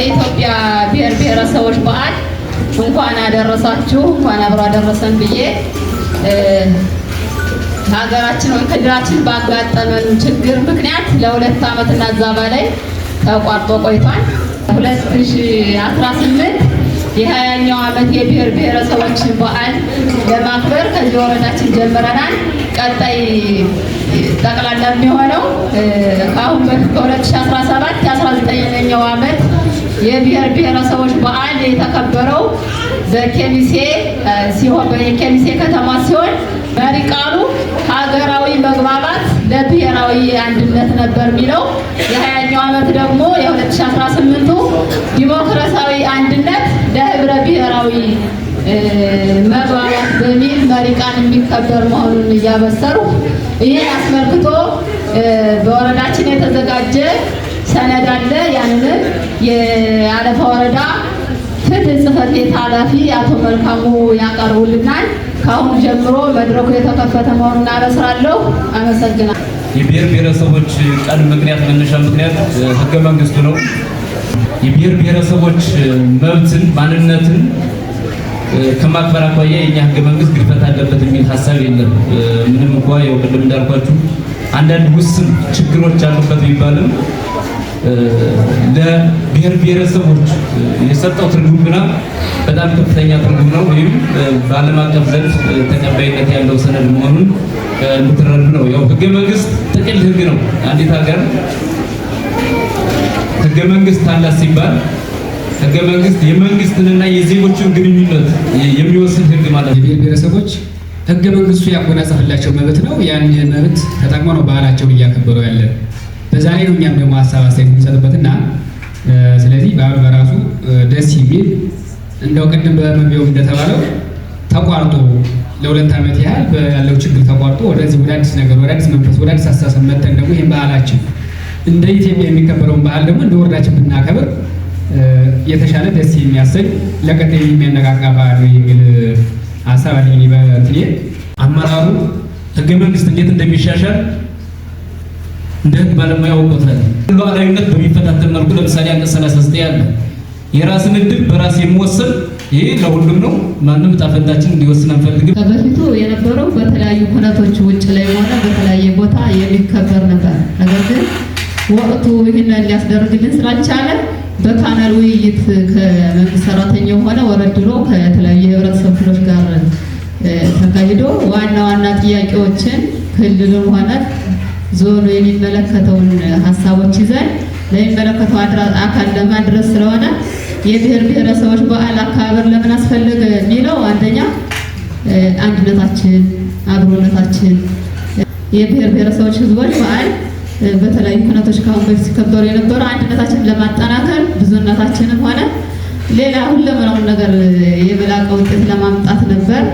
የኢትዮጵያ ብሔር ብሔረሰቦች በዓል እንኳን አደረሳችሁ እንኳን አብሮ አደረሰን ብዬ ሀገራችን ወይም ክልላችን ባጋጠመን ችግር ምክንያት ለሁለት ዓመት እና እዛ በላይ ተቋርጦ ቆይቷል። 2018 የሀያኛው ዓመት የብሔር ብሔረሰቦችን በዓል ለማክበር ከዚህ ወረዳችን ጀምረናል። ቀጣይ ጠቅላላ የሚሆነው ከአሁን በፊት ከ2017 የ19ኛው ዓመት የብሔር ብሔረሰቦች በዓል የተከበረው በኬሚሴ ሲሆን በኬሚሴ ከተማ ሲሆን መሪ ቃሉ ሀገራዊ መግባባት ለብሔራዊ አንድነት ነበር የሚለው። የሀያኛው ዓመት ደግሞ የ2018ቱ ዲሞክራሲያዊ አንድነት ለህብረ ብሔራዊ መግባባት በሚል መሪ ቃል የሚከበር መሆኑን እያበሰሩ ይህን አስመልክቶ በወረዳችን የተዘጋጀ ሰነድ አለ። ያንን የአለፋ ወረዳ ፍትህ ጽህፈት ቤት ኃላፊ አቶ መልካሙ ያቀርቡልናል። ከአሁኑ ጀምሮ መድረኩ የተከፈተ መሆኑን አበስራለሁ። አመሰግናል። የብሔር ብሔረሰቦች ቀን ምክንያት መነሻ ምክንያት ህገ መንግስቱ ነው። የብሔር ብሔረሰቦች መብትን ማንነትን ከማክበር አኳያ የኛ ህገ መንግስት ግድፈት አለበት የሚል ሀሳብ የለም። ምንም እንኳ ያው ቅድም እንዳልኳችሁ አንዳንድ ውስን ችግሮች አሉበት ቢባልም ለብሔር ብሔረሰቦች የሰጠው ትርጉም ግና በጣም ከፍተኛ ትርጉም ነው። ወይም በዓለም አቀፍ ዘንድ ተቀባይነት ያለው ሰነድ መሆኑን የምትረዱ ነው። ያው ህገ መንግስት ጥቅል ህግ ነው። አንዲት ሀገር ህገ መንግስት አላት ሲባል ህገ መንግስት የመንግስትንና የዜጎችን ግንኙነት የሚወስድ ህግ ማለት ነው። የብሔር ብሔረሰቦች ህገ መንግስቱ ያጎናጸፈላቸው መብት ነው። ያን መብት ተጠቅሞ ነው ባህላቸውን እያከበሩ ያለ በዛ ላይ ነው እኛም ደግሞ ሀሳብ አስተያየት የሚሰጥበትና ስለዚህ በዓሉ በራሱ ደስ የሚል እንደው ቅድም በመግቢያውም እንደተባለው ተቋርጦ ለሁለት ዓመት ያህል ያለው ችግር ተቋርጦ ወደዚህ ወደ አዲስ ነገር ወደ አዲስ መንፈስ ወደ አዲስ አስተሳሰብ መተን ደግሞ ይህን ባህላችን እንደ ኢትዮጵያ የሚከበረውን ባህል ደግሞ እንደ ወረዳችን ብናከብር የተሻለ ደስ የሚያሰኝ ለቀጣይ የሚያነቃቃ ባህል የሚል ሀሳብ አለኝ። በትኔ አመራሩ ህገ መንግስት እንዴት እንደሚሻሻል እንደ ህግ ባለሙያ ያውቁታል። ሉዓላዊነት በሚፈታተን መልኩ ለምሳሌ አንቀጽ 39 አለ የራስን እድል በራስ የሚወሰን ይህ ለሁሉም ነው። ማንም ዕጣ ፈንታችን እንዲወስን አንፈልግም። ከበፊቱ የነበረው በተለያዩ ኩነቶች ውጭ ላይ ሆነ በተለያየ ቦታ የሚከበር ነበር። ነገር ግን ወቅቱ ይህንን ሊያስደርግልን ስላልቻለ በካናል ውይይት ከመንግስት ሰራተኛው ሆነ ወረድሎ ከተለያዩ የህብረተሰብ ክፍሎች ጋር ተካሂዶ ዋና ዋና ጥያቄዎችን ክልሉን ሆነ ዞሮ የሚመለከተውን ሀሳቦች ይዘን ለሚመለከተው አካል ለማድረስ ስለሆነ የብሔር ብሔረሰቦች በዓል አከባበር ለምን አስፈለገ የሚለው አንደኛ አንድነታችን፣ አብሮነታችን የብሔር ብሔረሰቦች ህዝቦች በዓል በተለያዩ ሁነቶች ከአሁን በፊት ሲከበሩ የነበሩ አንድነታችን ለማጠናከር ብዙነታችንም ሆነ ሌላ ሁለመናውን ነገር የበላቀ ውጤት ለማምጣት ነበር።